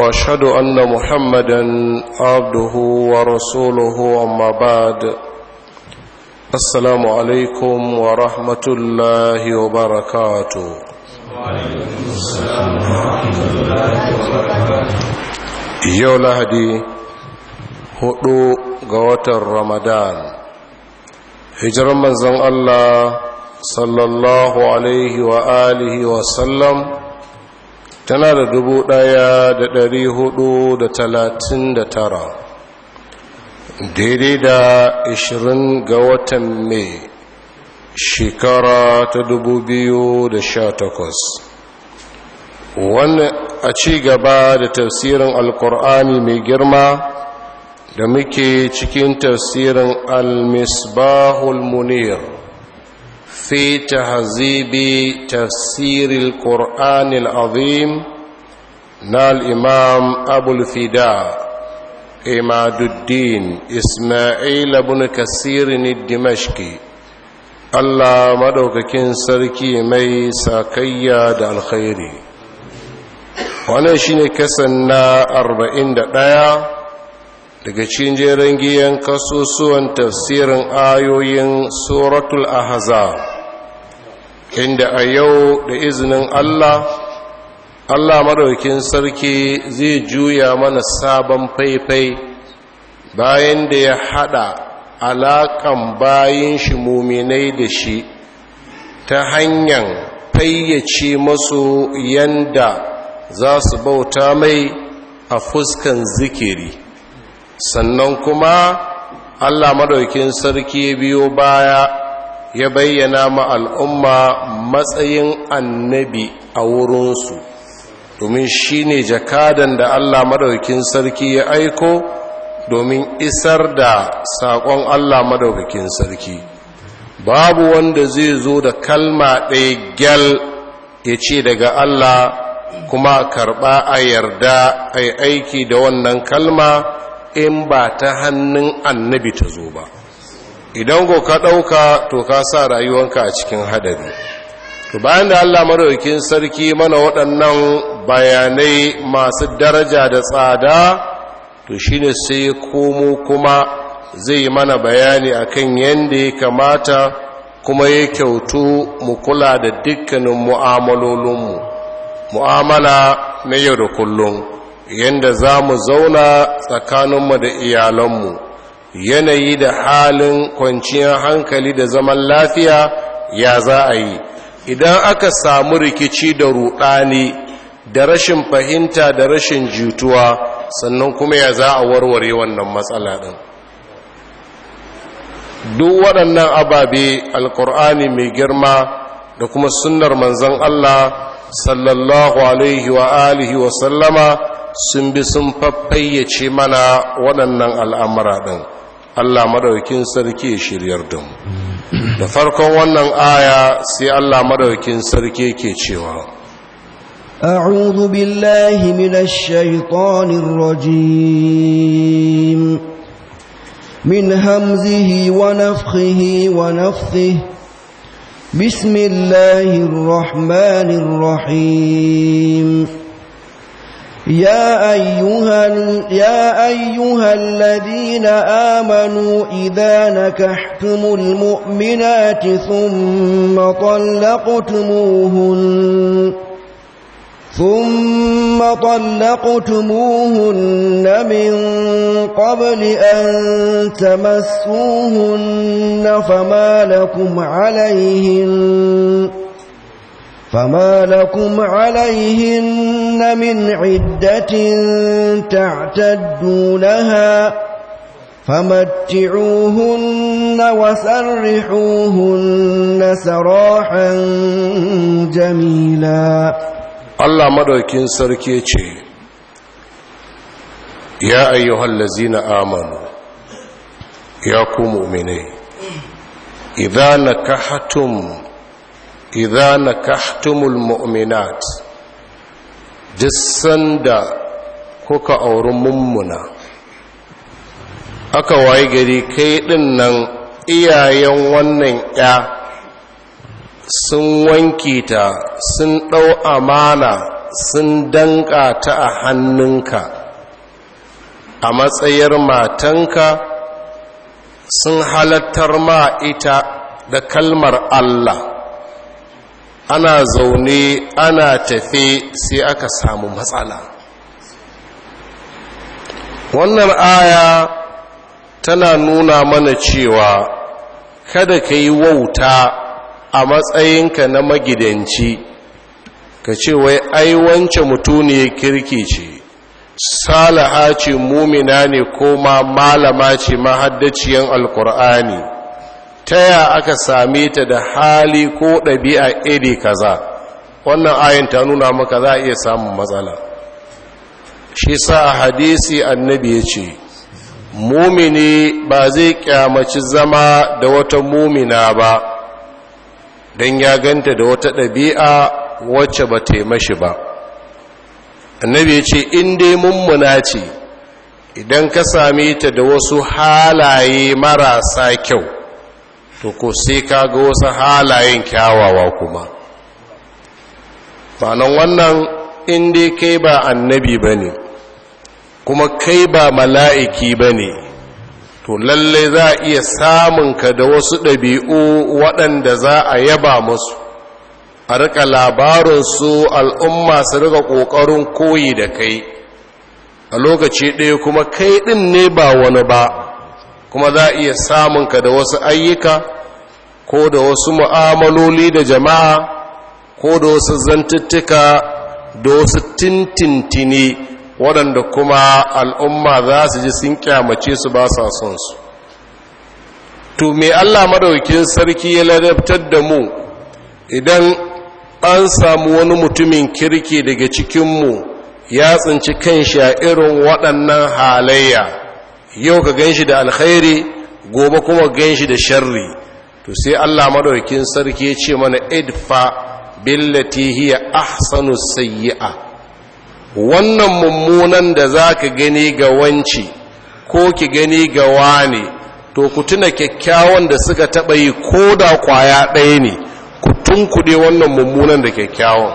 واشهد ان محمدا عبده ورسوله اما بعد السلام عليكم ورحمه الله وبركاته وعليكم السلام ورحمه الله وبركاته يا لهدي هدو غوات رمضان هجر من الله صلى الله عليه واله وسلم tana da dubu ɗaya da ɗari hudu da talatin da tara daidai da ashirin ga watan mai shekara ta dubu biyu da sha takwas wannan a ci gaba da tafsirin alkur'ani mai girma da muke cikin tafsirin al-misbahul munir في تهذيب تفسير القرآن العظيم نال إمام أبو الفداء إماد الدين إسماعيل بن كثير الدمشقي الله مدوك كن سركي مي ساكيا دا الخيري wannan كسنا أربعين na 41 daga cikin jerin giyan kasusuwan tafsirin ayoyin suratul ahzab inda a yau da izinin Allah Allah madaukin sarki zai juya mana sabon faifai bayan da ya hada alakan bayin shi muminai da shi ta hanyar fayyace masu yanda za su bauta mai a fuskan zikiri sannan kuma Allah madaukin sarki biyo baya ya bayyana ma al'umma matsayin annabi a wurinsu domin shi ne jakadan da Allah madaukakin sarki ya aiko domin isar da saƙon Allah madaukakin sarki babu wanda zai zo da kalma ɗaya gyal ya ce daga Allah kuma karɓa a yarda a aiki da wannan kalma in ba ta hannun annabi ta zo ba idan go ka ɗauka to ka sa rayuwanka a cikin hadari to bayan da allah maraukin sarki mana waɗannan bayanai masu daraja da tsada to shine sai komo kuma zai mana bayani akan yadda ya kamata kuma ya kyautu mu kula da dukkanin mu'amalolinmu mu'amala na yau da kullum yadda za mu zauna tsakaninmu da iyalanmu yanayi da halin kwanciyar hankali da zaman lafiya ya za a yi idan aka samu rikici da rudani da rashin fahimta da rashin jituwa sannan kuma ya za a warware wannan matsala ɗin duk waɗannan ababe alkur'ani mai girma da kuma sunnar manzon Allah sallallahu alaihi wa alihi wa sallama sun bi sun faffayyace mana waɗannan al'amura ɗin Allah madaukin sarki ya shiryar da farkon wannan aya sai Allah madaukin sarki ke cewa a'udhu billahi minash shaitanir min hamzihi wa nafthihi wa nafthihi bismillahir يا أيها, يا أيها الذين آمنوا إذا نكحتم المؤمنات ثم طلقتموهن ثم طلقتموهن من قبل أن تمسوهن فما لكم عليهن فما لكم عليهن من عدة تعتدونها فمتعوهن وسرحوهن سراحا جميلا الله مدوكين سركيتي يا أيها الذين آمنوا يا كم مؤمنين إذا نكحتم idza nakahtumul mu'minat jisanda da kuka auri mummuna aka waye gari kai din nan iyayen wannan ya sun wanki ta sun dau amana sun danƙa ta a hannunka a matsayar matanka sun halattar ma ita da kalmar Allah ana zaune ana tafe sai aka samu matsala wannan aya tana nuna mana cewa kada ka yi wauta a matsayinka na magidanci ka ce wai ai wance mutuniyar kirki ce salaha ce mumina ne ko ma malama ce mahaddaciyar alkur'ani taya aka same ta da hali ko ɗabi'a iri kaza wannan ayin ta nuna maka za a iya samun matsala shi sa a hadisi annabi ya ce mumini ba zai kyamaci zama da wata mumina ba don ya ganta da wata ɗabi'a wacce ba taimashi ba annabi ya ce in dai mummuna ce idan ka same ta da wasu halaye marasa kyau to ko sai ka ga wasu halayen kyawawa kuma fanon wannan inda kai ba annabi ba ne kuma kai ba mala'iki ba ne to lallai za a iya samunka da wasu ɗabi'u waɗanda za a yaba musu a rika su al'umma su rika ƙoƙarin koyi da kai a lokaci ɗaya kuma kai ɗin ne ba wani ba kuma za a iya samunka da wasu ayyuka ko da wasu mu'amaloli da jama'a ko da wasu zantuttuka da wasu tintintini waɗanda kuma al'umma za su ji sun kyamace su ba sa son su to me allah madaukin sarki ya ladabtar da mu idan an samu wani mutumin kirki daga cikinmu ya tsinci kan a irin waɗannan halayya yau ka ganshi da alkhairi gobe kuma ganshi da sharri to sai Allah maɗaukin sarki ya ce mana idfa billati hiya ahsanu sayyi'a wannan mummunan da zaka gani ga wanci ko ki gani ga wani to ku tuna kyakkyawan da suka taɓa yi ko da kwaya ɗaya ne ku tunkuɗe wannan mummunan da kyakkyawan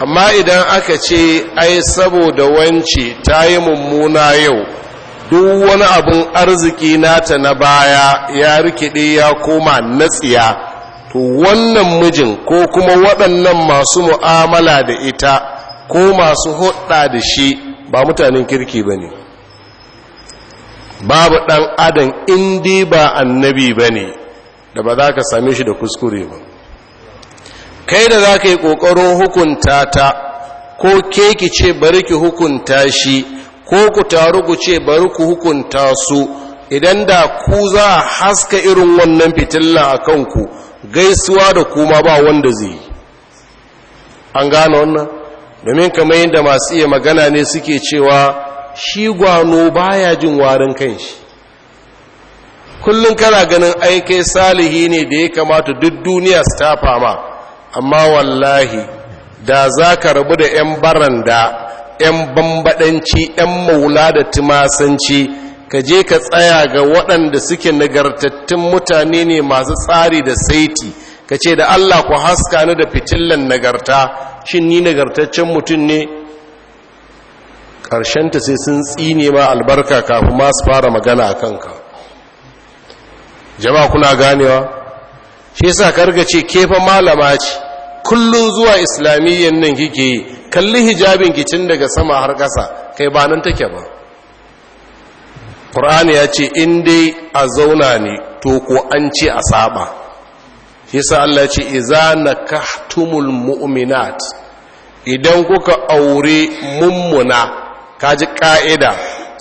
amma idan aka ce ai saboda wance ta yi mummuna yau duk wani abin arziki nata na baya ya rikide ya koma natsiya to wannan mijin ko kuma waɗannan masu mu'amala da ita ko masu hudda da shi ba mutanen kirki ba ne babu ɗan adam indi ba annabi ba ne da ba za ka same shi da kuskure ba kai da za ka yi ƙoƙarin hukunta ta ko ke ki ce bari ki hukunta shi ko ku taru ku ce bari ku hukunta su idan da ku za a haska irin wannan fitilla a kanku gaisuwa da kuma ba wanda zai yi an gane wannan domin kamar yadda masu iya magana ne suke cewa shi gwano baya jin warin kanshi kullum kana ganin aikai salihi ne da ya kamata duk duniya su tafa ma amma wallahi da za ka rabu da 'yan baranda 'yan bambadanci 'yan maula da tumasanci ka je ka tsaya ga waɗanda suke nagartattun mutane ne masu tsari da saiti ka ce da allah ku haska ni da fitilan nagarta shin ni nagartaccen mutum ne ƙarshenta sai sun tsine ma albarka kafin ma fara magana a kanka jama'a kuna ganewa shi sa karga ce kefa malama ce Kullum zuwa islamiyyan nan kike yi kalli hijabin kicin daga sama har ƙasa kai ba nan take ba ƙur'ani ya ce in dai a zauna ne to ko an ce a saba yasa Allah ce iza mu'minat idan kuka aure mummuna kaji ka'ida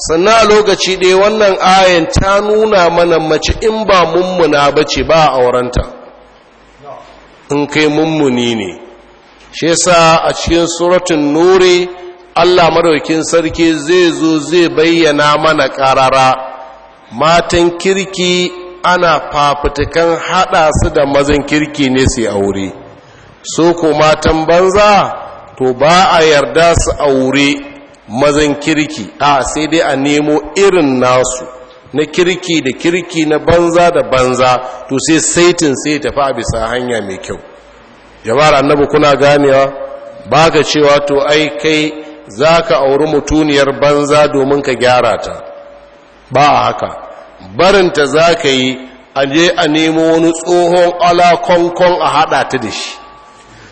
sannan a lokaci ɗaya wannan ayan ta nuna mana mace in ba mummuna ba ce ba a aurenta in kai mummuni ne shi sa a cikin suratun nuri Allah madaukin sarki zai zo zai bayyana mana karara matan kirki ana fafutukan hada su da mazan kirki ne su aure su ko matan banza to ba a yarda su aure mazan kirki a sai dai a nemo irin nasu na kirki da kirki na banza da banza to sai saitin sai tafi a bisa hanya mai kyau jama'ar annabi kuna ganewa ba ka cewa to ai kai za ka auri mutuniyar banza domin ka gyara ta ba haka barinta za ka yi a a nemo wani tsohon alakonkon a hada ta da shi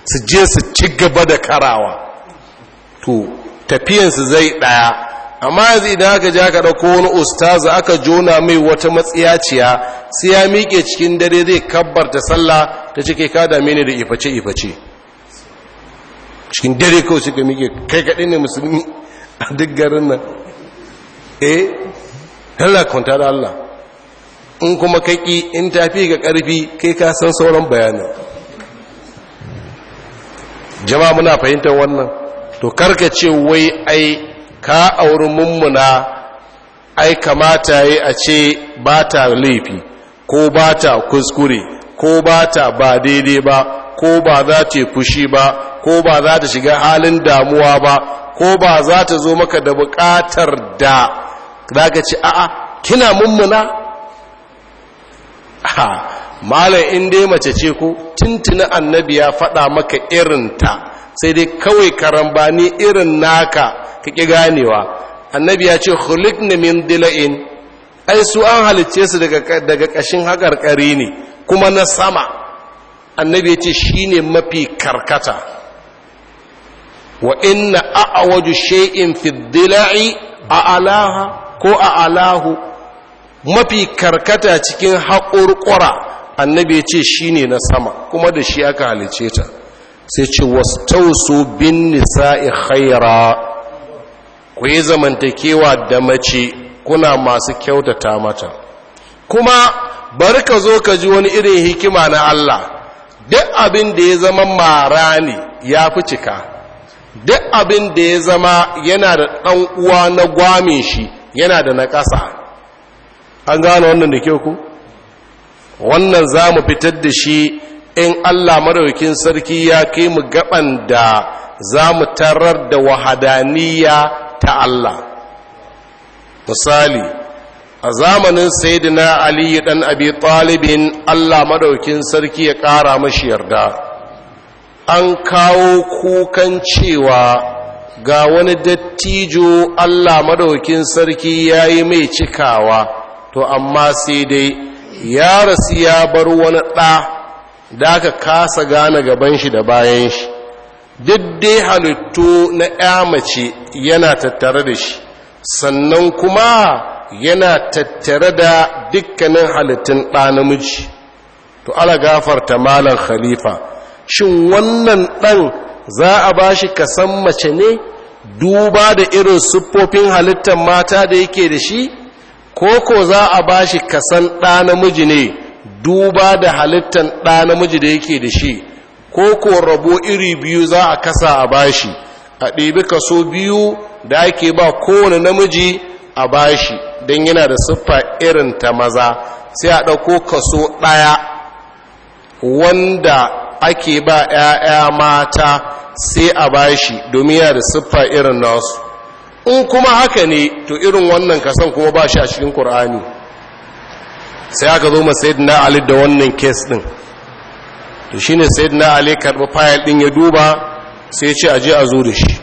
su je su ci gaba da karawa to tafiyansu zai ɗaya amma yanzu idan aka ja ka ɗauko wani ustaza aka jona mai wata matsiyaciya sai ya miƙe cikin dare zai kabbarta sallah ta cike ka dame ne da iface iface cikin dare kawai suka miƙe kai kaɗi ne musulmi a duk garin nan eh Allah kwanta da Allah in kuma kaƙi in tafi ga ƙarfi kai ka san sauran bayanin jama'a muna fahimtar wannan to karka ce wai ai ka auri mummuna ai kamata yi a ce ba ta laifi ko ba ta kuskure ko ba ta ba daidai ba ko ba za ta fushi ba ko ba za ta shiga halin damuwa ba ko ba za ta zo maka da bukatar da za ka ce a'a kina mummuna ha malam in dai mace ce ku tuntuni annabi ya faɗa maka irinta sai dai kawai karambani irin naka ka ƙi ganewa annabi ya ce na min dila'in ai su an halicce su daga ƙashin haƙarƙari ne kuma na sama annabi ya ce shi ne mafi karkata wa inna a'waju sha'in fi dila'i alaha ko a Alahu mafi karkata cikin haƙurƙura annabi ya ce shi ne na sama kuma da shi aka halicce ta sai ce wasu bin nisa'i khaira ku yi zamantakewa da mace kuna masu kyautata mata kuma bari ka zo ka ji wani irin hikima na Allah duk abin da ya zama mara ne ya fi cika duk abin da ya zama yana da ɗan uwa na gwamin shi yana da na ƙasa an gano wannan da kyau ku wannan za mu fitar da shi in Allah maraukin sarki ya kai mu gaban da za mu tarar da wahadaniya ta Allah misali a zamanin sayyidina Aliyu, ɗan abi ɗalibin Allah madaukin sarki ya ƙara mashi yarda an kawo kukan cewa ga wani dattijo Allah madaukin sarki ya yi mai cikawa to amma sai dai ya rasu ya bar wani ɗa da aka kasa gane gaban shi da bayan shi duk halittu na ya yana tattare da shi sannan kuma yana tattare da dukkanin halittun ɗa namiji to ala gafarta malar khalifa shin wannan ɗan za a ba shi kasan mace ne duba da irin siffofin halittar mata da yake da shi ko ko za a ba shi kasan ɗa namiji ne duba da halittar ɗa namiji da yake da shi ko ko rabo iri biyu za a kasa a bashi a ɗebi kaso biyu da ake ba kowane namiji a bashi don yana da siffa irin ta maza sai a ɗauko kaso ɗaya wanda ake ba ‘ya'ya mata sai a bashi domin yana da siffa irin nasu in kuma haka ne to irin wannan kasan kuma ba shi a cikin ƙur'ani sai aka zo masayid na ali da wannan kes ɗin to shi ne sai na alai karɓi fayil ɗin ya duba sai ce aje a zo da shi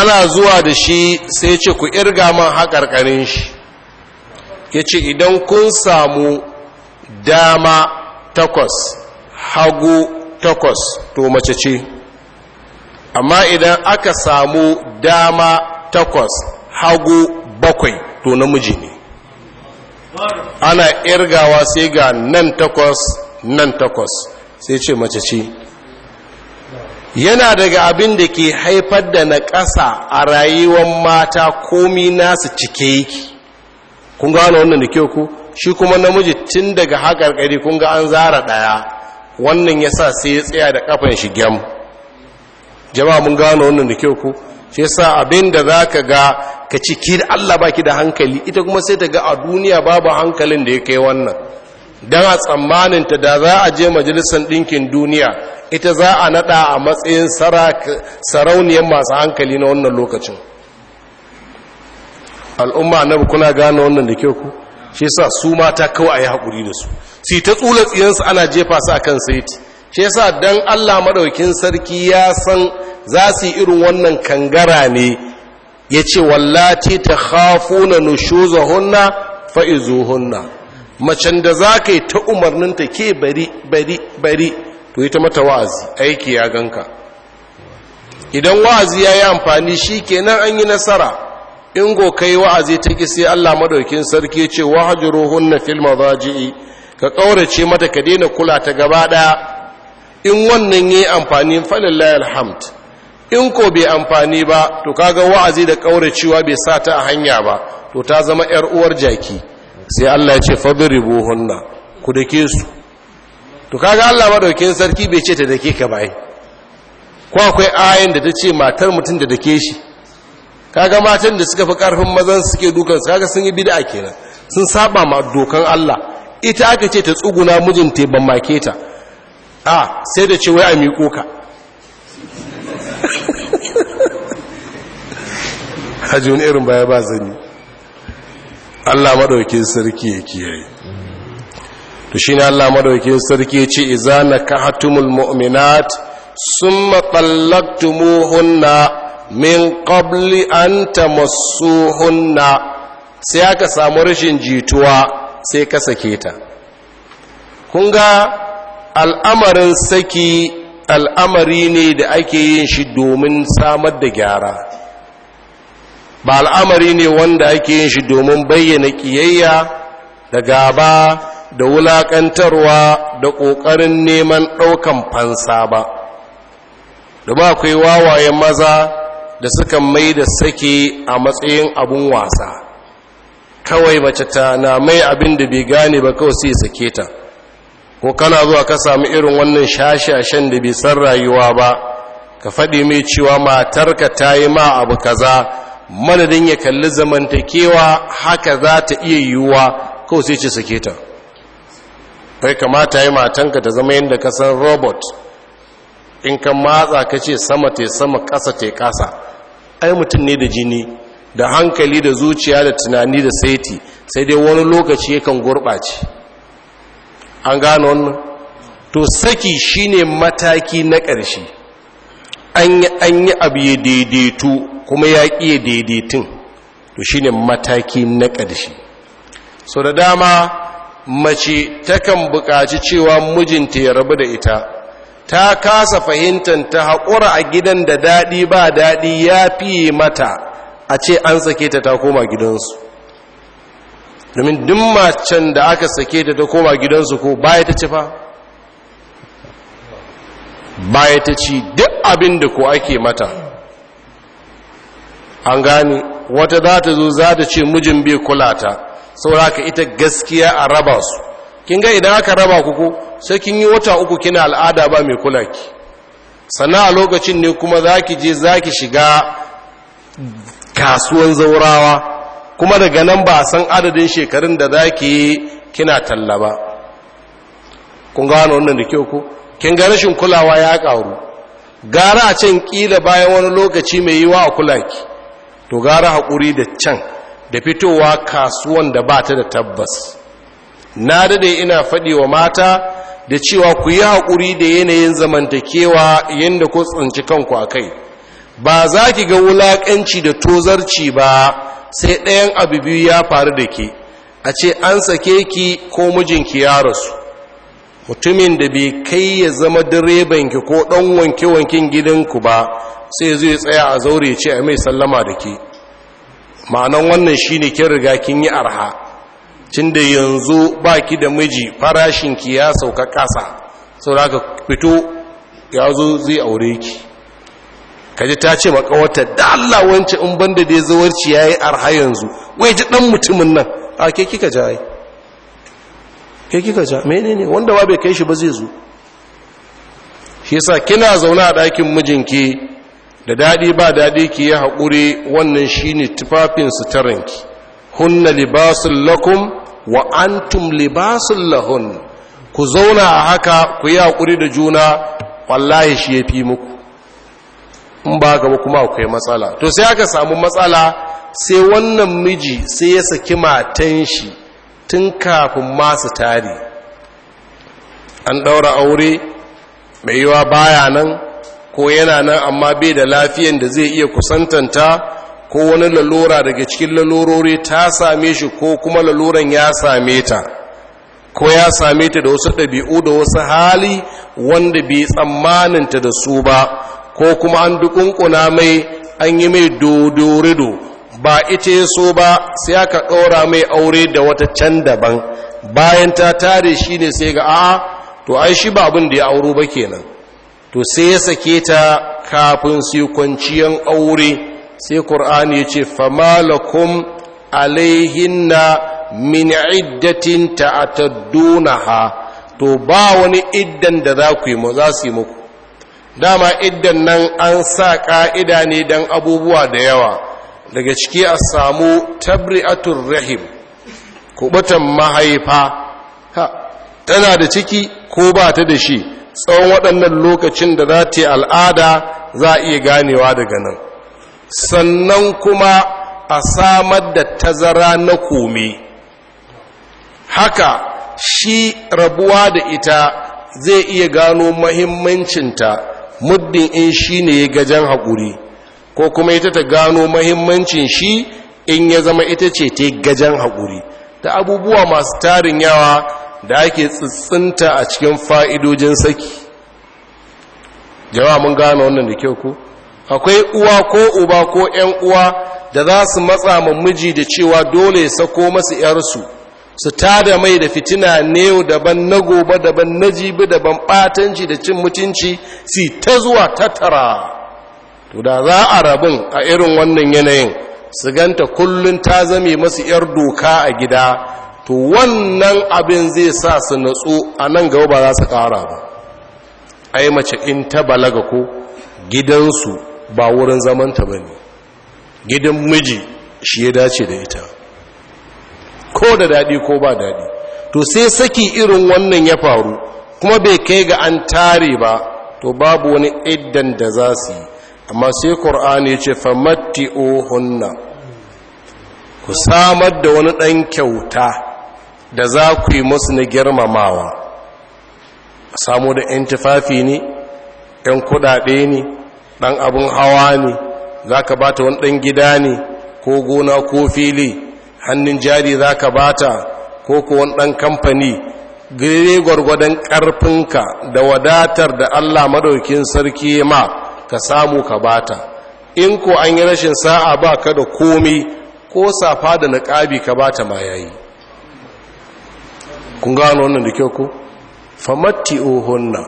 ana zuwa da shi sai ce ku irga man haƙarƙarin shi ya ce idan kun samu dama takwas hagu takwas to mace ce amma idan aka samu dama takwas hagu bakwai to namiji ne ana irgawa sai ga nan takwas nan takwas sai ce mace ce yana daga abin da ke haifar da na ƙasa a rayuwar mata komi nasu cike yake kun gano wannan da kyau ku shi kuma namiji tun daga haƙarƙari kun ga an zara ɗaya wannan ya sa sai ya tsaya da ƙafan shi gyam jama'a mun gano wannan da kyau ku shi sa abin da za ka ga ka ciki da allah baki da hankali ita kuma sai ta ga a duniya babu hankalin da ya kai wannan don a tsammaninta da za a je majalisar Dinkin duniya ita za a nada a matsayin sarauniyar masu hankali na wannan lokacin al'umma na kuna gane wannan da kyau ku shi sa su mata kawai a yi haƙuri da su si ta tsula tsiyansu ana jefa su a kan saiti shi sa don allah maɗaukin sarki ya san za su yi irin wannan kangara ne ya ce wallati ta hafu na nushuzahunna fa'izuhunna macen da za ka yi ta umarninta ke bari bari bari to yi ta mata wa'azi aiki ya ganka idan wa'azi ya yi amfani shi kenan an yi nasara in go kai wa'azi ta ki sai Allah maɗaukin sarki ce filma za ji ka ƙaurace mata ka daina kula ta gaba ɗaya. in wannan yi amfani layar hamd in ko bai amfani ba to kaga wa'azi da ƙauracewa bai sa ta a hanya ba to ta zama yar uwar jaki sai Allah ya ce ribu hunna ku dake su to kaga Allah madaukin sarki bai ce ta dake ka bai ko akwai ayin da ta ce matar mutum da dake shi kaga matan da suka fi karfin mazan suke dukan su kaga sun yi bid'a kenan sun saba ma dokan Allah ita aka ce ta tsuguna mijinta ban make ta a sai da ce wai a miƙo ka hajji wani irin baya ba zani Allah madaukin sarki ya kiyaye to shi ne Allah madaukin sarki ya ce idza nakahatumul mu'minat summa tallaqtumuhunna min qabli an tamassuhunna sai aka samu rashin jituwa sai ka sake ta kun ga al'amarin saki al'amari ne da ake yin shi domin samar da gyara ba al'amari ne wanda ake yin shi domin bayyana ƙiyayya da gaba da wulaƙantarwa da ƙoƙarin neman ɗaukan fansa ba da ba akwai wawaye maza da suka mai da sake a matsayin abun wasa kawai mace ta na mai abin da bai gane ba kawai sai sake ta ko kana zuwa ka samu irin wannan shashashen da bai san rayuwa ba ka faɗi mai cewa matarka ta yi ma abu kaza madadin ya kalli zamantakewa haka za ta iya yiwuwa kawai sai ce sake ta bai kamata ya matanka ta zama yadda ka san robot in ka matsa ka ce sama te sama ƙasa te ƙasa ai mutum ne da jini da hankali da zuciya da tunani da saiti sai dai wani lokaci yakan gurɓace an gano wannan to saki shine mataki na ƙarshe an yi abu ya daidaitu kuma ya ƙiye daidaitun to shi ne mataki na ƙarshe so da dama mace takan buƙaci cewa mijinta ya rabu da ita ta kasa fahimtar ta haƙura a gidan da daɗi ba daɗi ya fiye mata a ce an sake ta ta koma gidansu domin duk da aka sake ta ta koma gidansu ko baya ta ci fa baya ta ci duk abin da ko ake mata an gani wata za ta zo za ta ce mijin bai kula ta sauraka ita gaskiya a raba su kin ga idan aka raba ku ko sai kin yi wata uku kina al'ada ba mai kula ki sannan a lokacin ne kuma za ki je za ki shiga kasuwan zaurawa kuma daga nan ba san adadin shekarun da za ki yi kina talla ba kun gano wannan da kyau ku kin ga rashin kulawa ya karu gara a can kila bayan wani lokaci mai yiwa a kula ki to gara haƙuri da can da fitowa kasuwan da ba ta da tabbas na dade ina faɗi wa mata da cewa ku yi haƙuri da yanayin zamantakewa yadda ku tsinci kanku a kai ba za ki ga wulaƙanci da tozarci ba sai ɗayan abu biyu ya faru da ke a ce an sake ki ko mijinki ya rasu mutumin da bai kai ya zama direbanki ko ɗan wanke-wanken gidanku ba sai zai tsaya a zaure ce a mai sallama da ke ma'anan wannan shine kin riga kin yi arha da yanzu ba ki da miji farashin ki ya sauka kasa da ka fito ya zo zai aure ki kaji ta ce makawata da Allah wancan in banda da ya zawarci ya yi arha yanzu wai ji dan mutumin nan a ke kika ja yi ke kika ja ne wanda ba bai kai shi ba zai zo shi yasa kina zaune a ɗakin mijinki da daɗi ba daɗi ki yi haƙuri wannan shine tufafin suturanki hunna libasun lakum wa antum libasun lahun ku zauna a haka ku yi haƙuri da juna wallahi shi ya fi muku in ba gaba kuma akwai matsala to sai aka samu matsala sai wannan miji sai ya saki matan shi tun kafin masu tari an ɗaura aure mai yiwa baya nan ko yana nan amma bai da lafiyan da zai iya kusantanta ko wani lalura daga cikin lalurori ta same shi ko kuma laluran ya same ta ko ya same ta da wasu ɗabi'u da wasu hali wanda bai tsammaninta da su ba ko kuma an dukunkuna mai an yi mai dodorido ba ita ya so ba sai aka ɗora mai aure da wata can daban bayan ta tare shi ne sai ga a to ai shi ba abin da ya auro ba kenan to sai ya sake ta kafin su kwanciyan aure sai ƙur'ani ya ce famalakum alaihinna min iddatin ha to ba wani iddan da za ku yi mu za su yi muku dama iddan nan an sa ƙa'ida ne don abubuwa da yawa daga ciki a samu tabri'atun rahim kubatan mahaifa tana da ciki ko ba ta da shi tsawon waɗannan lokacin da za ta yi al'ada za a iya ganewa daga nan sannan kuma a samar da tazara na kome haka shi rabuwa da ita zai iya gano mahimmancinta muddin in shi ne ya gajen haƙuri ko kuma ita ta gano mahimmancin shi in ya zama ita ce ta gajen haƙuri da abubuwa masu tarin yawa da ake tsitsinta a cikin fa'idojin saki jama'a mun gane wannan da kyau ko akwai uwa ko uba ko ‘yan uwa da za su matsa ma miji da cewa dole ya sako masu ‘yarsu su tada mai da fitina ne daban na gobe daban na jibi daban ɓatanci da cin mutunci si ta zuwa tattara to da za a rabin a irin wannan yanayin su ganta kullum ta zame masu ‘yar doka a gida to wannan abin zai sa su natsu a nan gaba ba za su ƙara ba ai mace in ta balaga ko gidansu ba wurin zamanta ba ne gidan miji shi ya dace da ita ko da daɗi ko ba daɗi to sai saki irin wannan ya faru kuma bai kai ga an tare ba to babu wani iddan da za su yi amma sai ƙor'ani ce famatti hunna ku samar da wani ɗan kyauta da za ku yi musu na girmamawa samu da 'yan tufafi ne 'yan kudade ne ɗan abin hawa ne za ka bata wani ɗan gida ne ko gona ko fili hannun jari za ka bata ko kuwan ɗan kamfani gire gwargwadon ƙarfinka da wadatar da allah madaukin sarki ma ka samu ka bata in ko an yi rashin sa'a ba ka da komi ko safa da naƙabi ka bata ma yayi kun gano wannan da kyau ko famatti ohunna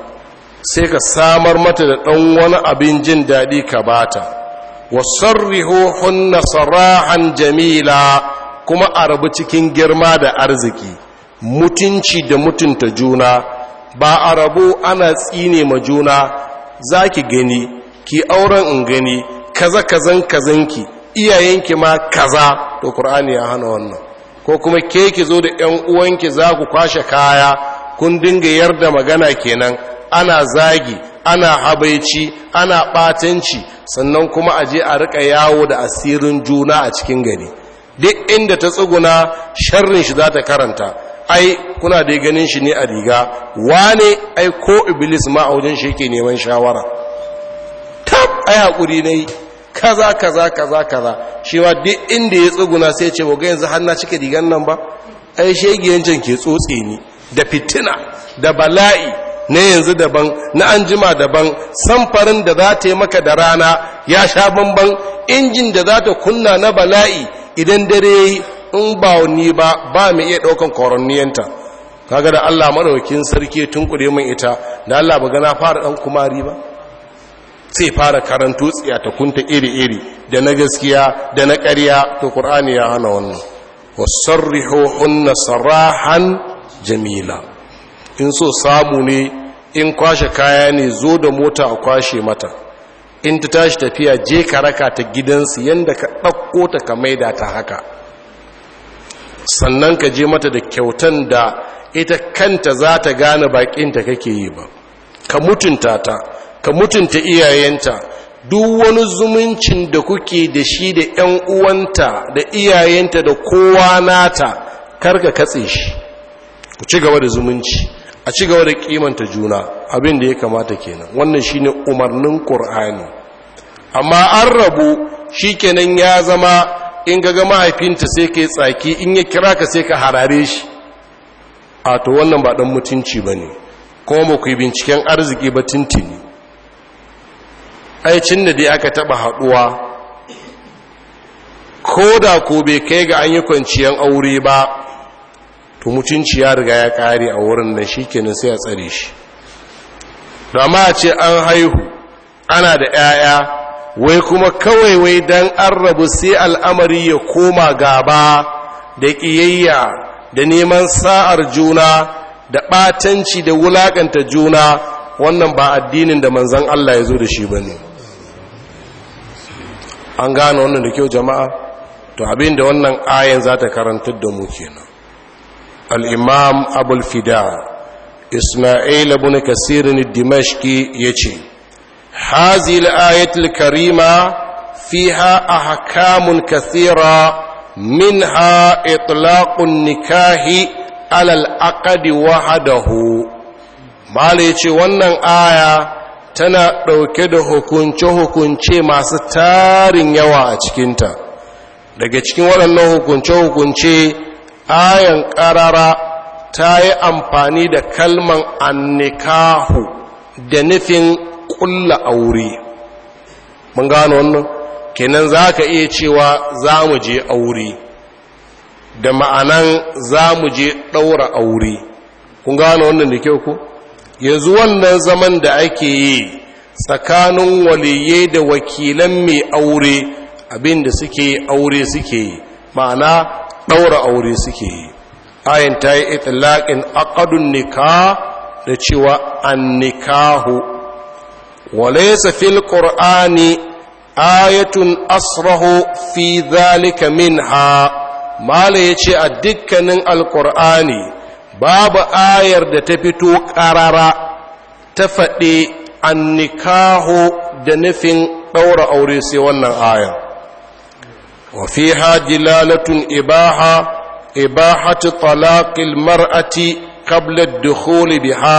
sai ka samar mata da ɗan wani abin jin daɗi ka bata wasarrihuhunna sarahan jamila kuma a rabu cikin girma da arziki mutunci da mutunta juna ba a rabu ana tsine ma juna za ki gani ki auren in gani kaza kazan kazanki iyayenki ma kaza to ƙur'ani ya hana wannan ko kuma ke ki zo da ‘yan uwanki za ku kwashe kaya kun dinga yarda magana kenan ana zagi ana habaici ana ɓatanci sannan kuma a je a riƙa yawo da asirin juna a cikin gari duk inda ta tsuguna sharrin shi za ta karanta ai kuna da ganin shi ne a riga wane ai ko iblis ma a wajen shi yake neman shawara tab ai haƙuri na yi kaza kaza kaza kaza shi wa duk inda ya tsuguna sai ce ga yanzu har na cike digan nan ba ai shegiyan yancin ke tsotse ni da fitina da bala'i na yanzu daban na anjima daban samfarin da za ta yi maka da rana ya sha bamban injin da za ta kunna na bala'i idan dare yi in ba ni ba ba mai iya ɗaukan koroniyanta kaga da allah maɗaukin sarki tun kuɗe min ita da allah ba gana fara ɗan kumari ba sai fara karanto tsiyatakunta iri-iri da na gaskiya da na ƙarya ta ƙur'ani ya hana wannan wasarrihohunna nasarahan jamila in so samu ne in kwashe kaya ne zo da mota a kwashe mata in ta tashi tafiya je ka raka ta gidansu yadda ka ɗauko ta ka maida ta haka sannan ka je mata da kyautan da ita kanta za ta gane ta kake yi ba ka mutunta ta ka mutunta iyayenta duk wani zumuncin da kuke da shi da 'yan uwanta da iyayenta da kowa nata ka katse shi ku ci gaba da zumunci a ci gaba da kimanta juna abin da ya kamata kenan wannan shine umarnin qur'ani amma an rabu shikenan ya zama in ga mahaifinta sai kai tsaki in ya kira ka sai ka harare shi a to wannan ba dan mutunci bane kuma ku binciken arziki ba tintini aicin da dai aka taɓa haɗuwa, ko da ko bai kai ga an yi kwanciyar aure ba to mutunci ya riga ya kare a wurin nan kenan sai a tsare shi amma a ce an haihu ana da 'ya'ya wai kuma kawai wai dan an rabu sai al'amari ya koma gaba da ƙiyayya da neman sa'ar juna da ɓatanci da wulaƙanta juna wannan ba addinin da manzan Allah ya zo da shi ba ne an gane wannan da kyau jama'a to abin da wannan ayan za ta karantar da mu kenan al'imam abulfida ismail abu kasirin dimashki ya ce hazil ayatul karima fiha a hakamun kasira minha itlaƙun nikahi alal akadi wahdahu mala yace wannan aya tana ɗauke da hukunce-hukunce masu tarin yawa a cikinta daga cikin waɗannan hukunce-hukunce ayan ƙarara ta yi amfani da kalman annikahu da nufin ƙulla aure mun gano wannan kenan za ka iya cewa za mu je aure da ma'anan za mu je ɗaura aure kun gano wannan da kyau ku? yanzu wannan zaman da ake yi tsakanin waliye da wakilan mai aure abinda suke aure suke yi ma'ana ɗaura aure suke yi ayin ta yi itilaƙin akadun nika da cewa an nikahu walaisa fil ƙur'ani ayatun asrahu fi zalika min ha, Malam ya ce a dukkanin alƙur'ani babu ayar da ta fito ƙarara ta faɗi an nikahu da nufin ɗaura aure sai wannan ayar wa fi dilalatun ibaha ibahatu talaqil mar'ati qabla ad-dukhul biha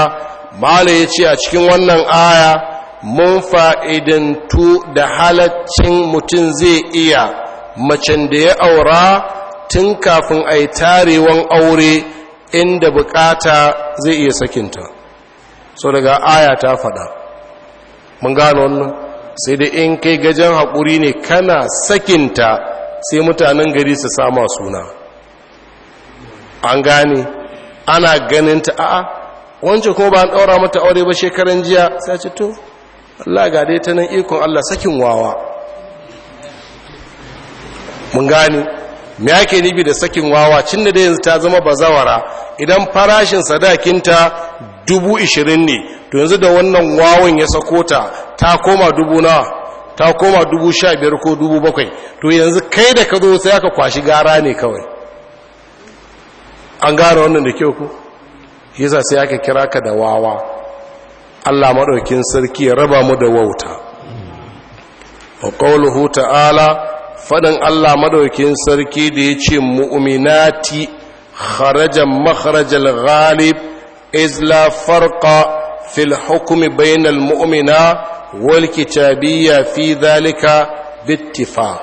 mala yace a cikin wannan aya mun fa'idantu da halaccin mutum zai iya macen da ya aura tun kafin ai tarewan aure inda bukata zai iya sakinta so daga aya ta faɗa mun gano wannan sai da in kai gajen haƙuri ne kana sakinta sai mutanen gari su sama suna an gane ana ganin ta a'a wancan kuma ba an ɗaura mata aure ba shekaran jiya sai ce to Allah ga dai ta nan ikon Allah sakin wawa mun gane me ake nibi da sakin wawa cin da yanzu ta zama bazawara idan farashin sadakinta dubu ishirin ne to yanzu da wannan wawan ya sako ta ta koma dubu na ta koma dubu sha biyar ko dubu bakwai to yanzu kai da ka zo sai aka kwashi gara ne kawai an gane wannan da kyau ku yasa sai aka kira ka da wawa allah maɗaukin sarki ya raba mu da wauta wa ta'ala Fadin Allah madaukin sarki da ya ce mu'minati kharajan makharajal ghalib izla farqa fil hukmi bainal mu'mina wal kitabiyya fi dhalika bittifaq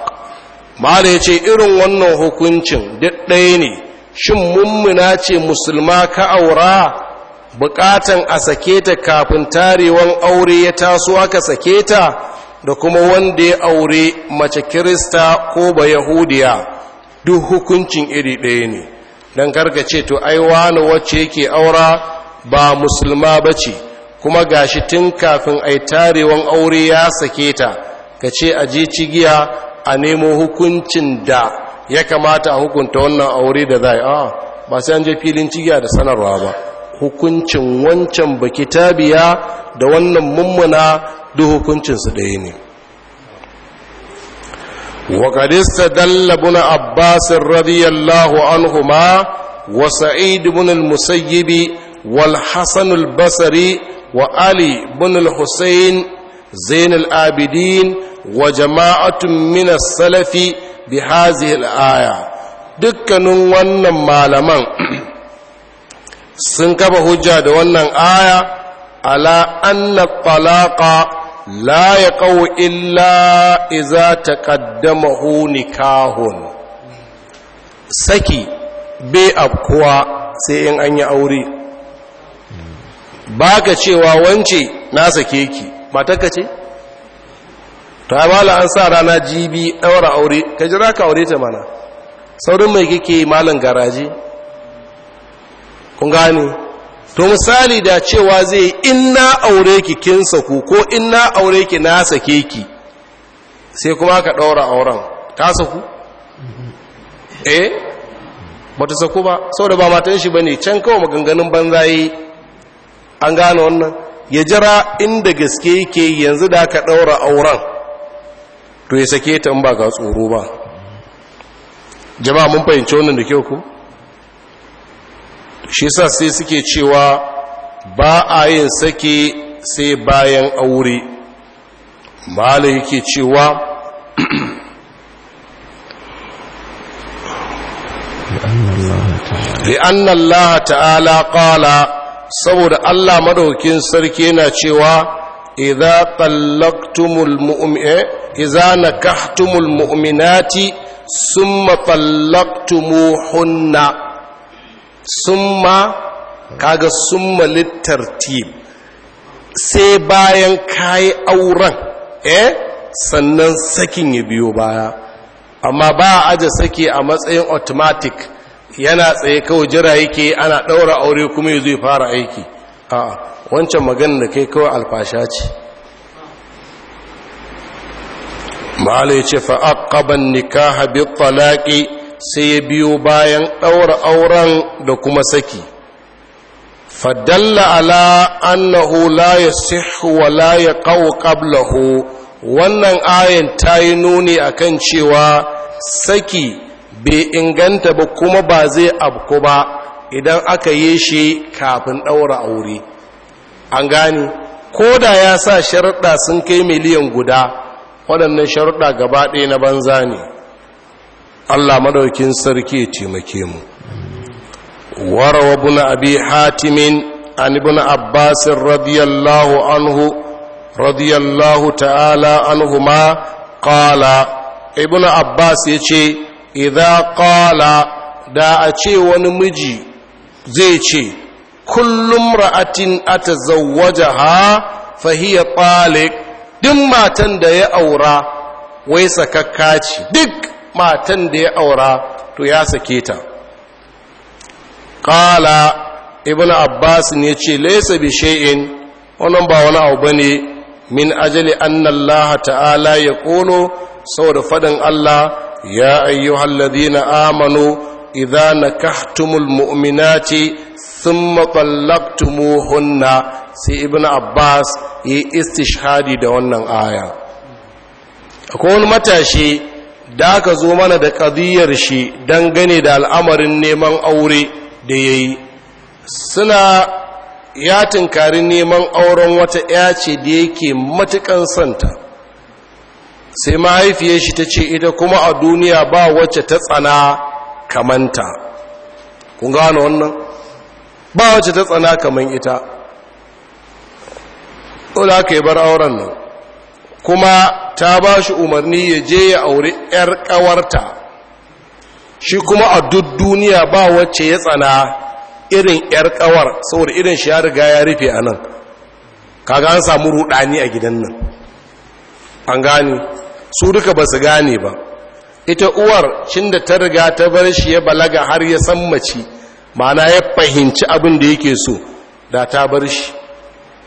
ya ce irin wannan hukuncin duk ɗaya ne shin mummuna ce musulma ka aura bukatan a sake ta kafin tarewan aure ya taso aka sake ta da kuma wanda ya aure mace kirista ko ba yahudiya duk hukuncin iri ɗaya ne don ce to ai wani wacce yake aura ba musulma ba ce kuma gashi tun kafin ai tarewan aure ya sake ta ka ce a ji cigiya a nemo hukuncin da ya kamata a hukunta wannan aure da zai a ba sai an je filin cigiya da sanarwa ba hukuncin wancan ba kitabiya da wannan mummuna duk hukuncinsu ɗaya ne waƙadista dallabuna abbasin radiyallahu anhuma wa sa'id bin al-musayyibi wal hasan al-basri wa ali bin al-husayn zain al-abidin wa jama'atun min as-salafi bi aya dukkanin wannan malaman sun kafa hujja da wannan aya ala anna talaqa la ya ƙau illa iza ta ƙaddama nikahun saki bai afkuwa sai in an yi aure ba ka cewa wance na sake ki mataka ce ta mala an rana jibi ɗaura aure ka jira ka aure ta mana saurin mai kike malam garaji kun gani to misali da cewa zai in na aure ki kin saku ko in na aure ki na sake ki sai kuma ka ɗaura auren ta saku eh ba ta saku ba da ba matan shi ba ne can kawai maganganun banza yi an gane wannan ya jira inda gaske yake yanzu da ka ɗaura auren to ya sake ta in ba ga tsoro ba jama'a mun fahimci wannan da kyau ku shi sa sai suke cewa ba a yin sake sai bayan aure mala yake cewa li'anna Allah ta'ala kala saboda Allah madaukin sarki na cewa idza tallaqtumul mu'mina eh, idza nakahtumul mu'minati summa tallaqtumuhunna summa kaga summa littartib sai bayan kayi auren eh sannan sakin ya biyo baya amma ba aje saki a matsayin automatic yana tsaye kawai jira yake ana ɗaura aure kuma ya fara aiki a wancan magana da kai kawai alfasha ce ma'ala ya ce fa'aƙaban nikaha bi talaqi sai ya biyo bayan ɗaura auren da kuma saki fadalla ala annahu la yasihhu wa la yaqau qablahu wannan ayan ta yi nuni kan cewa saki bai inganta ba kuma ba zai abku ba idan aka yi shi kafin ɗaura aure an gani ko da ya sa sharuɗa sun kai miliyan guda waɗannan sharuɗa gaba ɗaya na banza ne Allah madaukin sarki ya taimake mu warawa Buna abi hatim an ibn abbas radiyallahu anhu radiyallahu ta'ala anhuma qala ibn abbas yace idza qala da a ce wani miji zai ce kullum ra'atin atazawwajaha fa hiya taliq duk matan da ya aura wai sakakka ce duk matan da ya aura to ya sake ta Ƙala ibn abbas ne ce laisa bi shay'in wannan ba wani abu bane min ajali anna allah ta'ala ya qulu saboda faɗin allah ya na amanu idza nakahtumul mu'minati thumma tallaqtumuhunna sai ibn abbas yi istishhadi da wannan aya akwai wani matashi da aka zo mana da ƙadiyar shi dangane da al'amarin neman aure da ya yi suna ya tunkari neman auren wata ya ce da yake matukan santa sai mahaifiyar shi ta ce ita kuma a duniya ba wacce ta tsana kamanta kun gano wannan ba wacce ta tsana kaman ita ƙula ka yi bar auren nan kuma ta ba shi umarni ya je ya auri 'yar ƙawarta shi kuma a duk duniya ba wacce ya tsana irin 'yar ƙawar saboda irin shi ya riga ya rufe a nan kaga an samu rudani a gidan nan an gane su duka ba su gane ba ita uwar cin da ta riga ta bar shi ya balaga har ya san mace mana ya fahimci abin da yake so da ta bar shi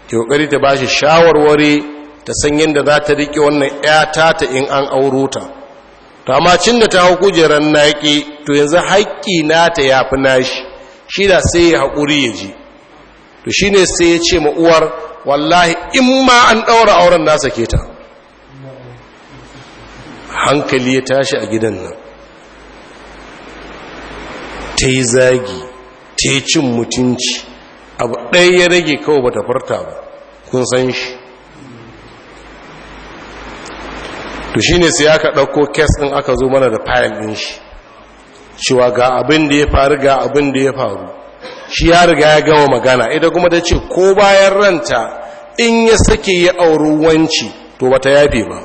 ke kokari ta ba shi shawarwari ta san yadda za ta riƙe wannan 'yata ta in an auro ta to amma cin da ta hau kujerar naƙi to yanzu haƙƙi na ta ya fi nashi shi da sai ya haƙuri ya ji to shi ne sai ya ce ma'uwar wallahi in ma an ɗaura auren nasa ke ta hankali ya tashi a gidan nan ta yi zagi ta yi cin mutunci abu ɗaya ya rage kawai ba ta farta ba kun san shi to shine sai aka ɗauko kes ɗin aka zo mana da fayil ɗin shi cewa ga abin da ya faru ga abin da ya faru shi ya riga ya gama magana idan kuma ta ce ko bayan ranta in ya sake ya auri wanci to bata yafe ba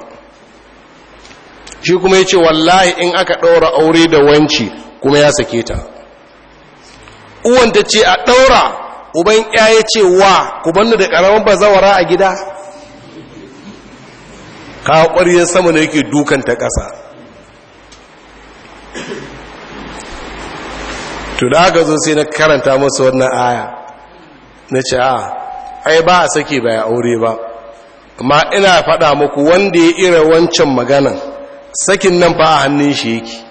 shi kuma ya ce wallahi in aka ɗaura aure da wanci kuma ya sake ta uwan ta ce a ɗaura uban ya ce wa ku ban da ƙaramin bazawara a gida ka ƙwariyar sama ne yake dukanta ƙasa to da aka zo sai na karanta masu wannan aya na ce a ah, ai ba a sake ba ya aure ba amma ina faɗa muku wanda ya ira wancan maganan sakin nan ba a hannun shi yake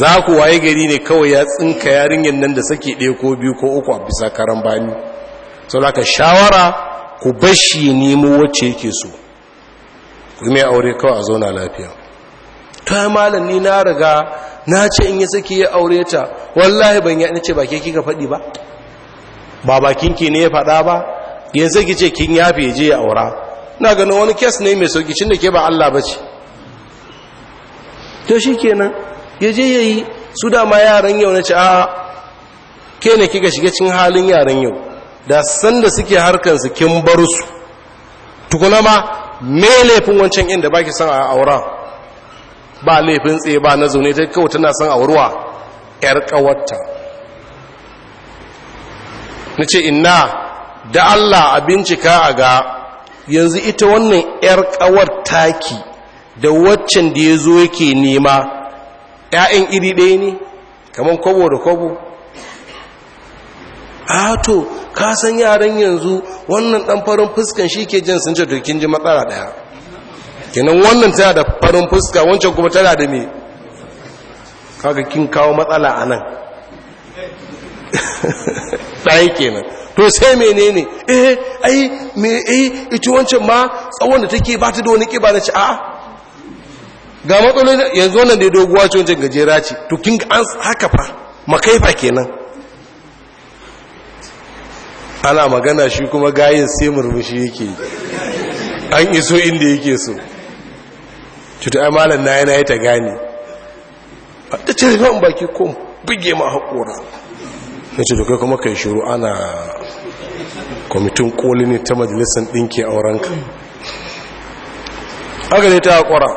za ku waye gari ne kawai ya tsinka yarinyar nan da sake ɗaya ko biyu ko uku a bisa karan bani sau da ka shawara ku bashi nemo wacce yake so kuma aure kawai a zauna lafiya ta malam ni na riga na ce in yi saki ya aure ta wallahi ban yi ce ba ke kika faɗi ba ba bakin ki ne ya faɗa ba yanzu ki ce kin yafe je ya aura na ganin wani kes ne mai sauki cin da ke ba Allah ba ce to shi kenan ya je ya yi su dama yaran yau na ce a ke ne kika shiga cin halin yaran yau da sanda suke harkansu kin bar su tukuna ma me laifin wancan inda baki son a aura ba laifin tsaye ba na zaune ta kawai tana son auruwa yar kawarta na ce inna da Allah a bincika a ga yanzu ita wannan yar kawar taki da waccan da ya zo yake nema ‘ya'yan iri ɗaya ne kamar kwabo da kwabo a to ka san yaran yanzu wannan dan farin fuskan shi ke jin sun ce to kin ji matsala daya kenan wannan tana da farin fuska wancan kuma tana da me kaga kin kawo matsala anan dai kenan to sai menene eh ai me eh ita wancan ma tsawon da take ba ta da wani kiba na ci a? ga matsalolin yanzu wannan dai doguwa ce wancan gajera ce to kin an haka fa makaifa kenan ana magana shi kuma gayin sai murmushi yake an iso inda yake so cuta ai malam na yana ta gane da cire man baki ko bige ma haƙora na ce dokai kuma kai shiru ana kwamitin koli ne ta majalisar ɗinke aurenka haka ne ta haƙora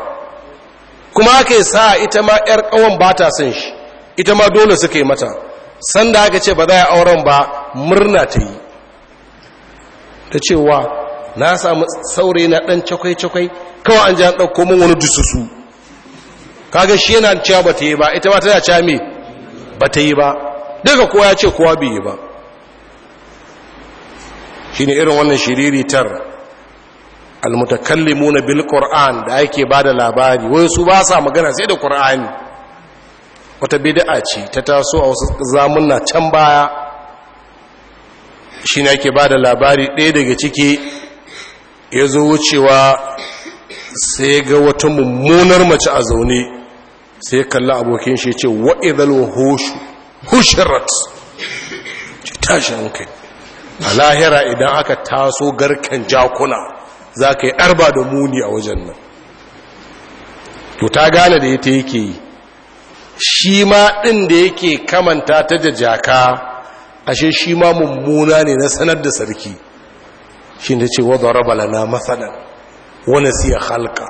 kuma aka yi sa ita ma 'yar ƙawon ba ta son shi ita ma dole suka yi mata sanda aka ce ba za a auren ba murna ta yi ta cewa na samu saurayi na ɗan cakwai-cakwai kawai an ji an ɗauko min wani dususu kaga shi yana cewa ba ta yi ba ita ba ta cewa me ba ta yi ba daga kowa ya ce kowa bai yi ba shi irin wannan shiriritar almutakallimuna bil qur'an da ake bada labari wai su ba sa magana sai da qur'ani wata bid'a ce ta taso a wasu zamunna can baya shi ne ke ba da labari ɗaya daga ciki ya zo wucewa sai ga wata mummunar mace a zaune sai kalla abokin shi ce wa'idhal hushu hushirat ce tashi hankali a lahira idan aka taso garkan jakuna za ka yi arba da muni a wajen nan to ta gane da ita yake yi shi ma ɗin da yake kamanta ta da jaka ashe shi ma mummuna ne na sanar da sarki shi ne ce wadda rabala na matsalan wani siya halka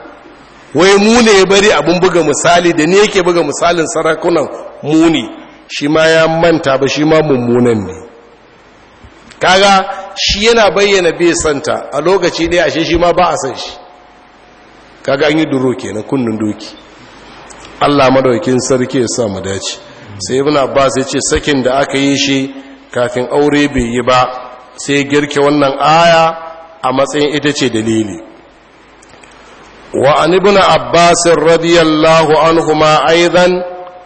wai mu ne ya bari abin buga misali da ni yake buga misalin sarakunan muni shi ma ya manta ba shi ma mummunan ne kaga shi yana bayyana bai santa a lokaci ɗaya ashe shi ma ba a san shi kaga an yi duro na kunnin doki Allah madaukin sarki ya sa mu dace sai ibn abbas ya ce sakin da aka yi shi kafin aure bai yi ba sai girke wannan aya a matsayin ita ce dalili وعن ibn Abbas radiyallahu anhu ma aizan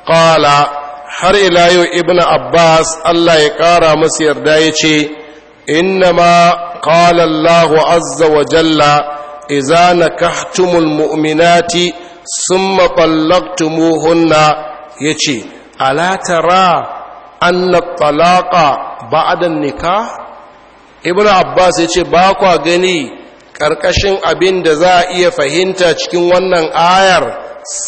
qala har ila yau ibn abbas allah ya ƙara masa yarda ya ce innama qala allah azza wa jalla idza nakahtumul mu'minati summa tallaqtumuhunna yace ala tara anna talaqa ba'da nika? ibnu abbas yace ba kwa gani karkashin abin da za a iya fahimta cikin wannan ayar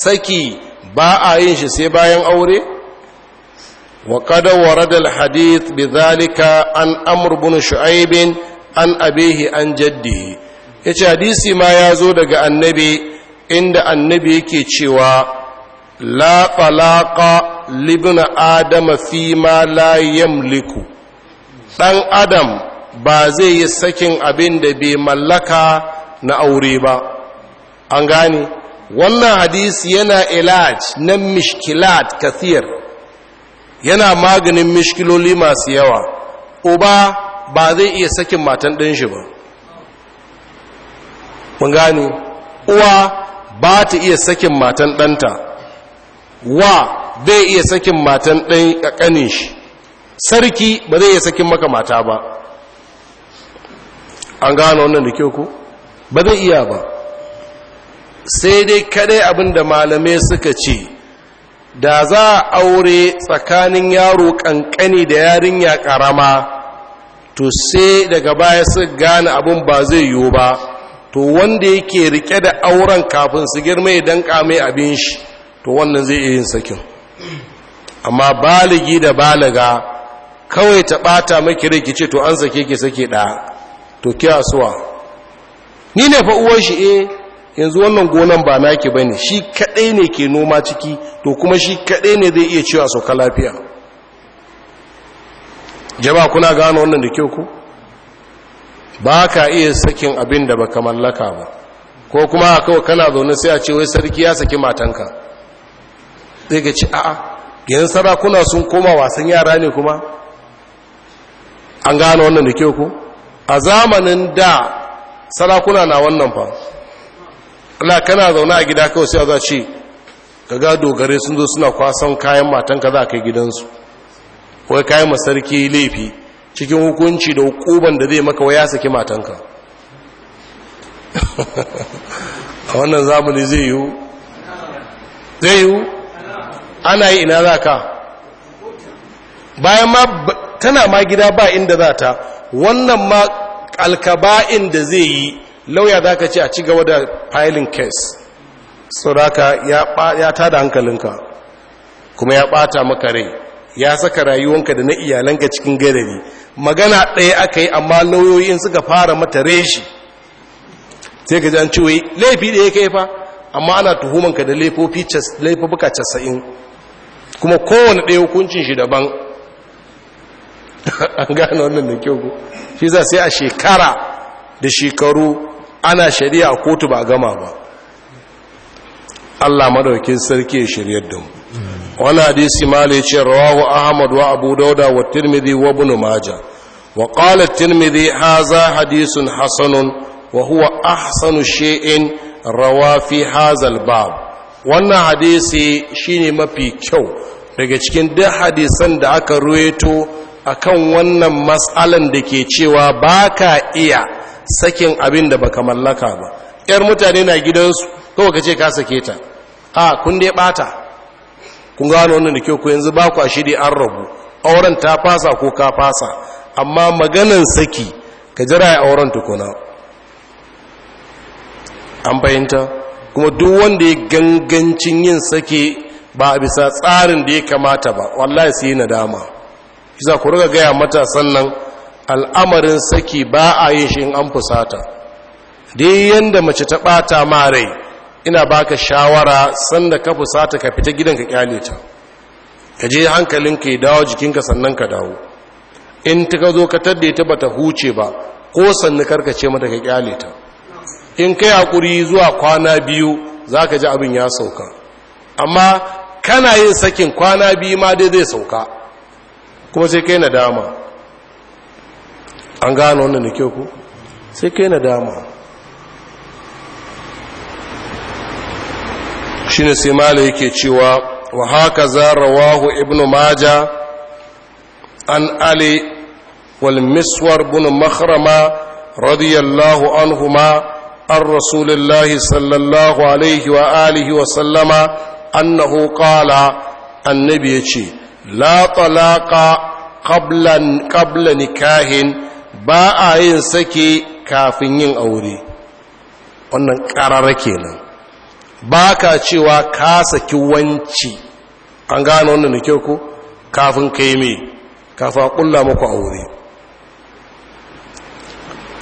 saki ba a yin shi sai bayan aure wa qad warada alhadith bidhalika an amr ibn shu'aib an abehi an jaddihi yace hadisi ma ya zo daga annabi inda annabi yake cewa la talaqa libin adama fi ma la yamliku ɗan adam ba zai yi sakin abin da bai mallaka na aure ba an gane wannan hadisi yana ilaj na mishkilat kathir yana maganin mishkiloli masu yawa uba ba zai iya sakin matan ɗin shi ba mun gane uwa ba ta iya sakin matan ɗanta wa bai iya sakin matan ɗan ƙaƙanin shi sarki ba zai iya sakin maka mata ba an gano wannan da kyau ku ba zai iya ba sai dai kadai abinda malamai suka ce da za a aure tsakanin yaro ƙanƙani da yarinya ƙarama, to sai daga baya su gane abin ba zai yiwu ba to wanda yake rike da auren kafin su girma idan ƙame mai abin shi to wannan zai iya yin sakin amma baligi da baliga kawai ta bata maki rai ce to an sake ki sake ɗaya to kiya suwa ni ne fa uwan shi eh yanzu wannan gonan ba naki ne shi kadai ne ke noma ciki to kuma shi kadai ne zai iya cewa sauka lafiya jama'a kuna gano wannan da kyau ku ba ka iya sakin abin da baka mallaka ba ko kuma kawai kana zaune sai a ce wai sarki ya saki matanka zai ga ci a'a yanzu sarakuna sun koma wasan yara ne kuma an gano wannan da kyau ko a zamanin da sarakuna na wannan fa kana zaune a gida kawai sai a za ce kaga dogare sun zo suna kwasan kayan matanka za ka gidansu wai kayan masarki laifi cikin hukunci da hukuban da zai maka waya saki matanka a wannan zamani zai yiwu zai yiwu ana yi ina za ka bayan ma tana ma gida ba inda za ta wannan ma alkaba'in da zai yi lauya za ka ce a cigaba da filing case sauraka ya ta da hankalinka kuma ya bata maka rai ya saka rayuwanka da na iyalanka cikin gadari magana ɗaya aka yi amma lauyoyin suka fara mata reshi sai ka jan laifi ɗaya ya kai fa amma ana tuhumanka da laifofi casa'in kuma kowane ɗaya hukuncin shi daban an gane wannan da kyau shi za sai a shekara da shekaru ana shari'a kotu ba gama ba Allah madaukin sarki ya shiryar da mu wani hadisi malai ce rawahu ahmad wa abu dauda wa tirmidhi wa ibn maja wa qala tirmidhi haza hadisun hasanun wa huwa ahsanu shay'in rawa fi hazal bab wannan hadisi shine mafi kyau daga cikin duk hadisan da aka a kan wannan matsalan da ke cewa ba ka iya sakin abin da baka mallaka ba yar mutane na gidansu kawai ka ce ka sake ta a kun dai bata kun gano wannan da kyau ku yanzu ba ku ashiri an rabu auren ta fasa ko ka fasa amma maganan saki ka jira ya auren tukuna an bayanta kuma duk wanda ya gangancin yin sake ba a bisa tsarin da ya kamata ba wallahi sai nadama kisa ku riga gaya mata sannan al'amarin saki ba a yi shi in an fusata dai yanda mace ta bata ma rai ina baka shawara sanda ka fusata ka fita gidan ka kyale ta ka je hankalinka ya dawo jikinka sannan ka dawo in ta ka zo ka tadde ta bata huce ba ko sannu karkace mata ka kyale ta in kai hakuri zuwa kwana biyu za ka ji abin ya sauka amma kana yin sakin kwana biyu ma dai zai sauka kuma sai kai na dama. an gano wannan da kyau ku sai kai dama shi ne sai mala yake cewa wa haka za rawahu ibn maja an ali wal miswar bin makhrama radiyallahu anhuma عن رسول الله صلى الله عليه وآله وسلم أنه قال النبي لا طلاق قبل قبل نكاح با عين سكي sake kafin yin wannan karara kenan ba ka cewa ka saki wanci an gane wannan da kyau ko kafin ka yi mai kafin a kulla muku aure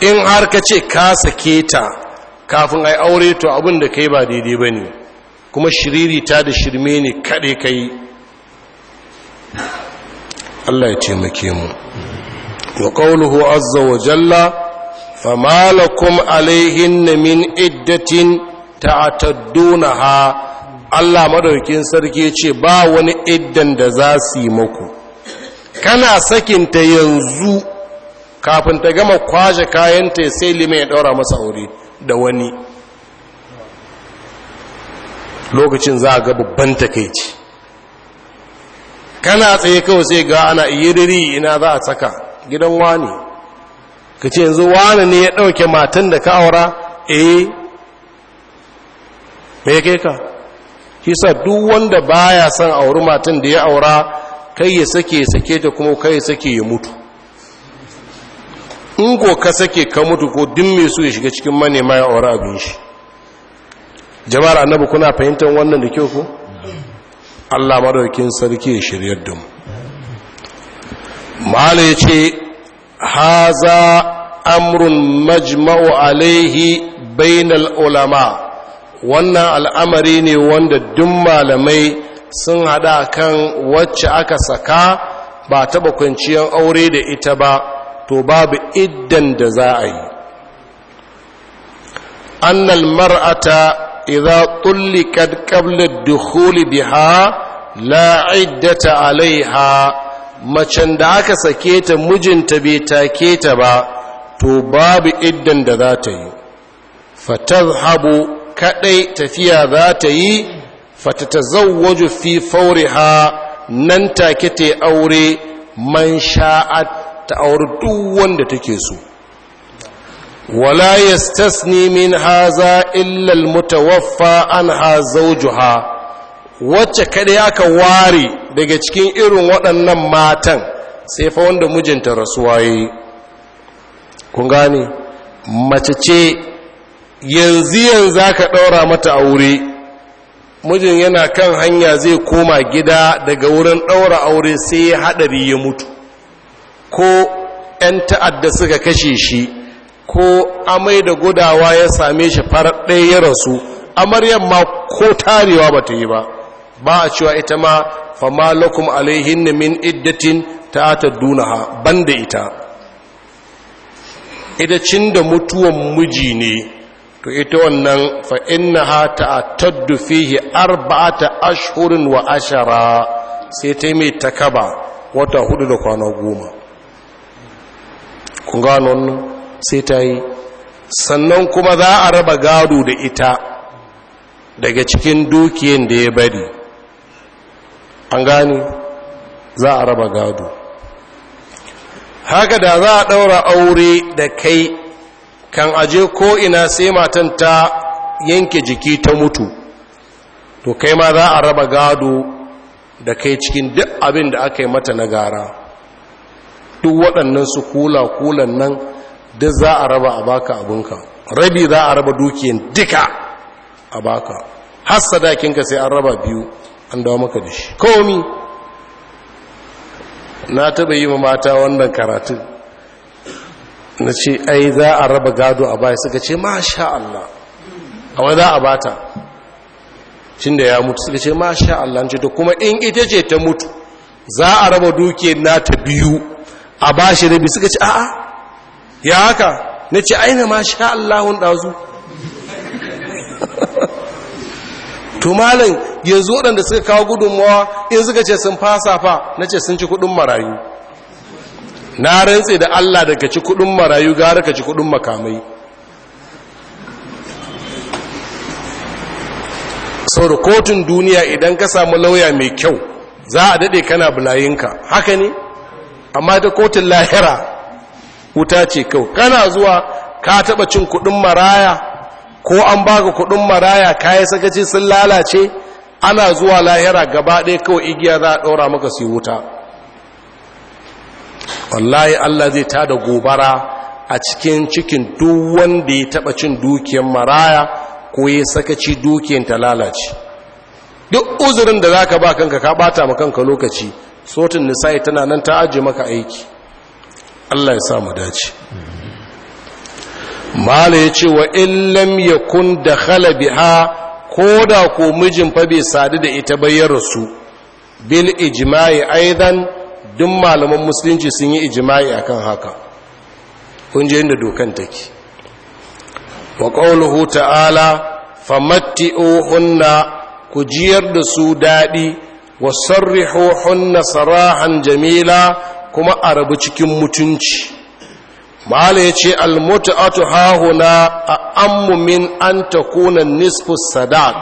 in har ka ce ka sake ta kafin a yi aure to abin da kai ba daidai ba ne kuma shiriri ta da shirme ne kaɗe kai Allah ya taimake mu wa qawluhu azza wa jalla fama lakum alaihinna min iddatin ha Allah madaukin sarki ce ba wani iddan da za su yi muku kana sakinta yanzu kafin ta gama kwashe kayanta sai lima ya ɗaura masa aure da wani lokacin za a ga babban takaici kana tsaye kawai sai ga ana iriri ina za a saka gidan wani ka ce yanzu wani ne ya ɗauke matan da ka aura eh me kai ka kisa duk wanda baya son auri matan da ya aura kai ya sake sake ta kuma kai ya sake ya mutu in ko ka sake ka mutu ko din mai ya shiga cikin manema ya aure abin shi jama'ar annabi kuna fahimtar wannan da kyau ko Allah madaukakin sarki ya shiryar da mu mala yace haza amrun majma'u alaihi bainal ulama wannan al'amari ne wanda duk malamai sun hada kan wacce aka saka ba taba kwanciyar aure da ita ba to babu iddan da za a yi annal mar'ata idza tulliqat qabla ad-dukhul biha la iddata alaiha macen da aka sake ta mijinta bai take ta ba to babu iddan da za ta yi fatazhabu kadai tafiya za ta yi fatatazawwaju fi fawriha nan take ta aure man sha'at ta auri duk wanda take so wala yastasni min haza illa almutawaffa ha zawjuha wacce kada aka ware daga cikin irin waɗannan matan sai fa wanda mijinta rasuwa yi kun gane mace ce yanzu yanzu aka ɗaura mata aure mijin yana kan hanya zai koma gida daga wurin ɗaura aure sai ya haɗari ya mutu ko 'yan ta'adda suka kashe shi ko amai da gudawa ya same shi faraɗe ɗaya ya rasu amaryan ma ko tarewa ba ta yi ba ba a cewa ita ma famalakum alaihin alaihinna min iddatin ta ta dunaha banda ita ita cin da mutuwan miji ne to ita wannan fa ta ta'attaddu fihi arba'ata ashhurin wa ashara sai ta yi mai takaba wata hudu da kwana goma kun gano wannan sai ta yi sannan kuma za a raba gado da ita daga cikin dukiyar da ya bari an gani za a raba gado haka da za a ɗaura aure da kai kan aje ko ina sai matan ta yanke jiki ta mutu to kai ma za a raba gado da kai cikin duk abin da aka yi mata na gara duk waɗannan su kula-kulan nan duk za a raba a baka abinka rabi za a raba dukiyan duka a baka har dakinka sai an raba biyu an dawo maka da shi komi na taɓa yi mata wannan karatun na ce ai za a raba gado a baya suka ce masha Allah a wani za a bata cin da ya mutu suka ce masha Allah ce ta kuma in ita ce ta mutu za a raba dukiyar na ta biyu a ba shi rabi suka ce a'a ya haka na ce aina ma sha Allahun ɗazu tumalin yanzu waɗanda suka kawo gudunmawa in suka ce sun fasa fa na ce sun ci kudin marayu na rantse da Allah da ci kudin marayu gara ka ci kudin makamai sau da kotun duniya idan ka samu lauya mai kyau za a daɗe kana bulayinka haka ne amma ta kotun lahira wuta ce kawai kana zuwa ka taba cin kuɗin maraya ko an baka kuɗin maraya kayi sakaci sun lalace ana zuwa lahira gaba ɗaya kawai igiya za a ɗora maka su wuta wallahi allah zai tada gobara a cikin cikin duk wanda ya taɓa cin dukiyar maraya ko ya sakaci dukiyar ta lalace duk uzurin da za ka ba kanka ka bata ma kanka lokaci sotin nisa'i tana nan ta aji maka aiki Allah ya sa mu dace mala ya ce wa illam yakun dakhala biha koda ko mijin fa bai sadu da ita ba ya rasu bil ijma'i aidan duk malaman musulunci sun yi ijma'i akan haka kun je inda dokan take wa qawluhu ta'ala famatti'uhunna ku jiyar da su dadi hunna sarahan jamila kuma a rabu cikin mutunci mala ya ce almuta'atu hahuna a ammu min an takuna nisfu sadaq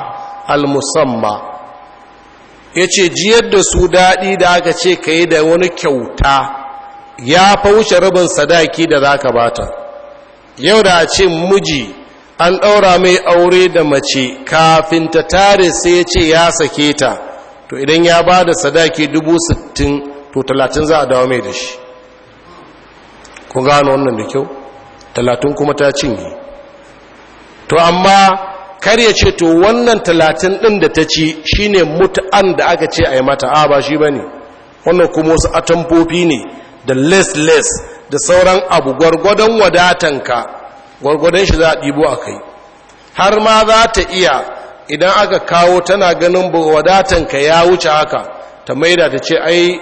almusamma Yace, jiyar da su daɗi da aka ce ka da wani kyauta ya fa wuce rabin sadaki da zaka bata yau da a ce miji an ɗaura mai aure da mace kafin ta tare sai ya ce ya sake ta to idan ya ba da sadaki dubu sittin to talatin za a dawo mai da shi ku gano wannan da kyau talatin kuma ta cinye to amma kar ya ce to wannan talatin ɗin da ta ci shi ne mutu'an da aka ce a yi mata a ba shi ba ne wannan kuma wasu atamfofi ne da les-les da sauran abu gwargwadon wadatanka gwargwadon shi za a ɗibo a kai har ma za ta iya idan aka kawo tana ganin wadatanka ya wuce haka ta maida ta ce ai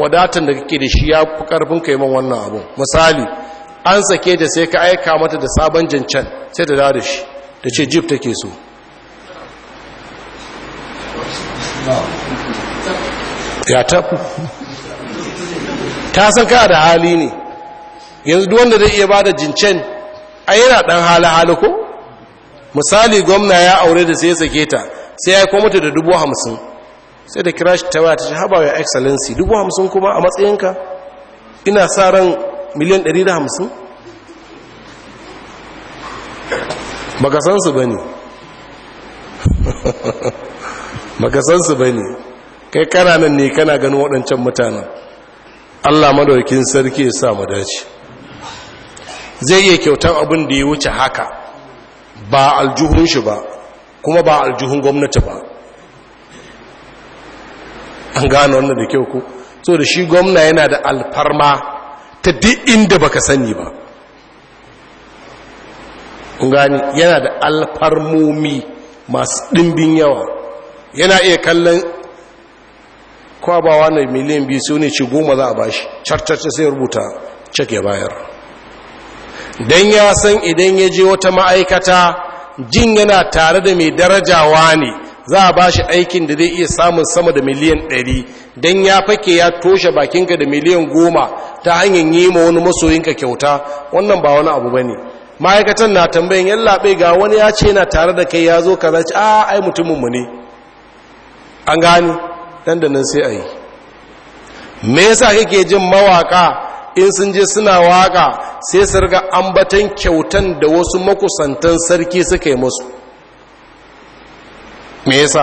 wadatan da kake da shi ya fi karfin ka yi man wannan abu misali an sake ta sai ka aika mata da sabon jancan sai ta da shi ta ce jif take so ya tafi ta san ka da hali ne yanzu duwanda zai iya ba da jincen a yana ɗan hali-hali ko misali gwamna ya aure da sai ya sake ta sai ya kuma mutu da dubu hamsin sai da kira shi ta ta ce haba ya excellency dubu hamsin kuma a matsayinka ina sa ran miliyan ɗari da hamsin baka san su ba ne baka san su ba ne kai kananan nan ne kana ganin waɗancan mutanen allah madaukin sarki ya sa mu dace zai iya kyautar abin da ya wuce haka ba aljuhun shi ba kuma ba aljuhun gwamnati ba an gano wannan da kyau ku so da shi gwamna yana da alfarma ta duk inda baka sani ba gani yana da alfarmomi masu ɗimbin yawa yana iya kallon kwabawa na miliyan biyu su ne ci goma za a bashi carcarci sai rubuta cike ya bayar don ya san idan ya je wata ma'aikata jin yana tare da mai darajawa ne za a ba shi aikin da zai iya samun sama da miliyan ɗari don ya fake ya toshe bakinka da miliyan goma ta hanyar yi ma wani masoyinka kyauta wannan ba wani abu ba ne ma'aikatan na tambayin yan laɓe ga wani ya ce yana tare da kai ya zo ka zaci a ai mutumunmu ne an gani nan da nan sai a yi me yasa kake jin mawaƙa? in sun je suna waka sai su riga ambatan kyautan da wasu makusantan sarki suka yi musu me yasa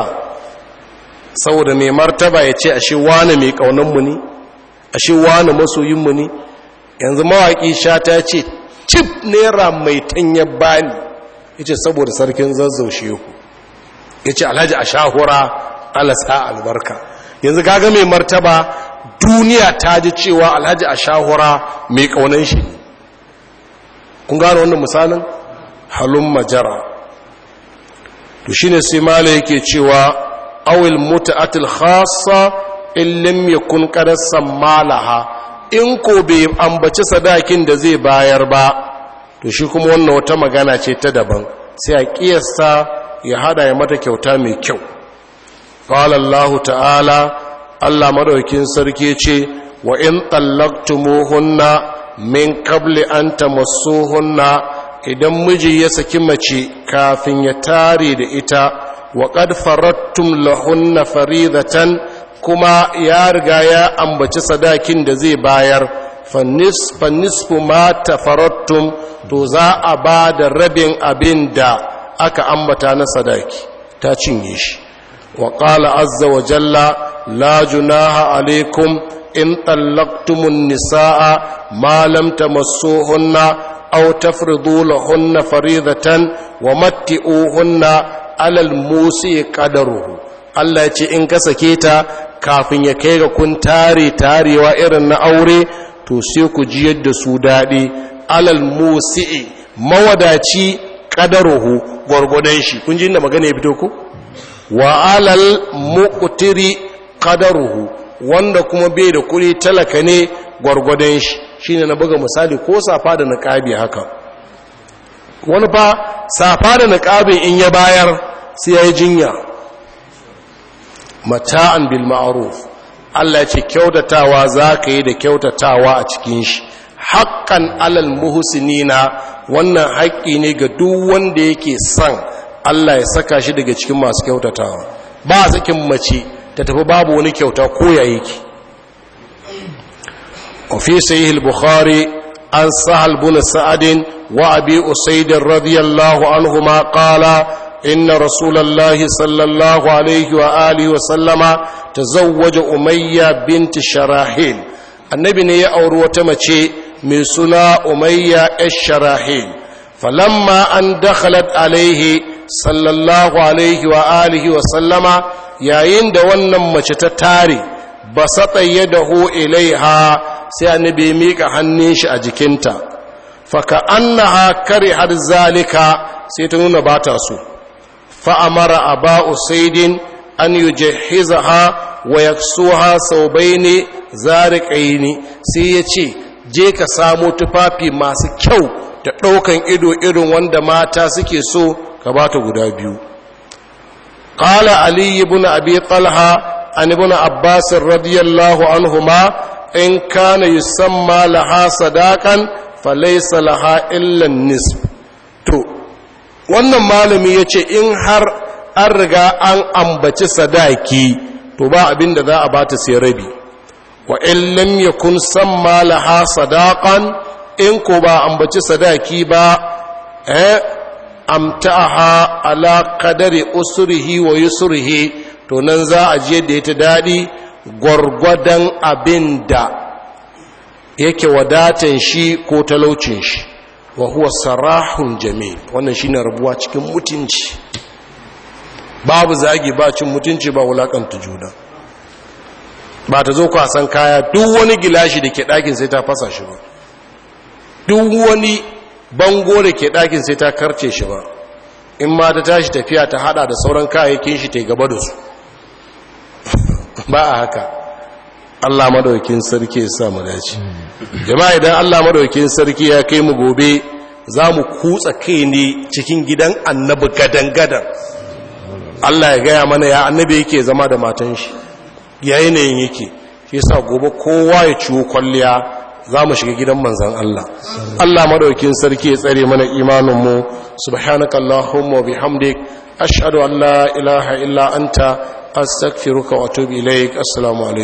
saboda mai martaba ya ce ashe wani mai mu ne ashe wani mu ne yanzu mawaƙi sha ta ce cif naira mai tanya bani ya saboda sarkin zazzau ku ya alhaji a ala alasa albarka yanzu kaga mai martaba duniya ta ji cewa alhaji a shahura mai kaunan shi kun gano wannan misalin halun majara to shi ne sai mala yake cewa awil atil khassa in ya kun qad sammalaha in ko bai ambaci sadakin da zai bayar ba to shi kuma wannan wata magana ce ta daban sai a kiyasta ya hada ya mata kyauta mai kyau qala ta'ala Allah madaukin sarki ce wa in tallaqtumuhunna min qabli an tamassuhunna idan miji ya saki mace kafin ya tare da ita wa qad farattum lahunna faridatan kuma ya riga ya ambaci sadakin da zai bayar fannisfu ma tafarattum to za a ba da rabin abin da aka ambata na sadaki ta cinye shi wa qala azza wa jalla la junaha alaikum in tallaqtumun nisaa ma lam tamassuhunna aw tafridu lahunna faridatan wa matti'uhunna alal musi qadaruhu Allah ce in ka sake ta kafin ya kai ga kun tare tarewa irin na aure to sai ku ji da su daɗi alal musi mawadaci qadaruhu gwargwadon shi kun ji magana ya fito ku wa alal muqtiri qadaruhu wanda kuma bai da kuɗi talaka ne gwargwadon shi shine na buga misali ko safa da niqabi haka wani fa safa da niqabi in ya bayar sai yayi jinya mata'an bil ma'ruf Allah ya ce kyautatawa zaka yi da kyautatawa a cikin shi haƙƙan alal muhusinina wannan haƙƙi ne ga duk wanda yake son Allah ya saka shi daga cikin masu kyautatawa ba a sakin mace ta tafi babu wani kyauta koya yayi ki fi bukhari an sahal bin sa'ad wa abi usayd radiyallahu anhuma inna rasulallahi sallallahu alayhi wa alihi wa sallama tazawwaja umayya bint sharahil annabi ne ya auri wata mace mai suna umayya ash sharahil falamma an dakhalat alayhi sallallahu alaihi wa alihi wa sallama yayin da wannan mace ta tare ba tsaye da hu ilaiha sai annabi mika hannun shi a jikinta faka annaha kare har zalika sai ta nuna ba ta so fa'amara a ba usaidin an yi ha wa yaksuha sau bai ne sai ya ce je ka samo tufafi masu kyau da ɗaukan ido irin wanda mata suke so ka ba ta guda biyu qala Aliyu ibn abi talha an ibn abbas radiyallahu ma in kana samma laha sadakan falaysa laha illan nis to wannan malami ce in har an riga an ambaci sadaki to ba abin da za a ba ta sai rabi wa in lam kun samma laha sadakan in ko ba ambaci sadaki ba eh amtaha ala qadari usrihi wa yusrihi to nan za a je da ita daɗi gwargwadon abin da yake wadatan shi ko talaucin shi wa huwa sarahun jami'in, wannan shine rabuwa cikin mutunci babu zagi ba cin mutunci ba wulaƙanta juna ba ta zo kwasan kaya duk wani gilashi da ke ɗakin sai ta fasa shi ba duk wani bango da ke ɗakin sai ta karce shi ba in ma ta tashi tafiya ta hada da sauran kayayyakin shi ta gaba da su ba a haka allah madaukin sarki ya sa mu dace jama'a idan allah madaukin sarki ya kai mu gobe za mu kutsa kai ne cikin gidan annabi gadangadan. allah ya gaya mana ya annabi yake zama da matan shi ya yanayin yake shi sa gobe kowa ya ciwo kwalliya za mu shiga gidan manzan Allah Allah madaukin sarki ya tsare mana imaninmu subhanaka allahumma wa bihamdik ashhadu an la ilaha illa anta astaghfiruka wa atubu ilaik assalamu alaikum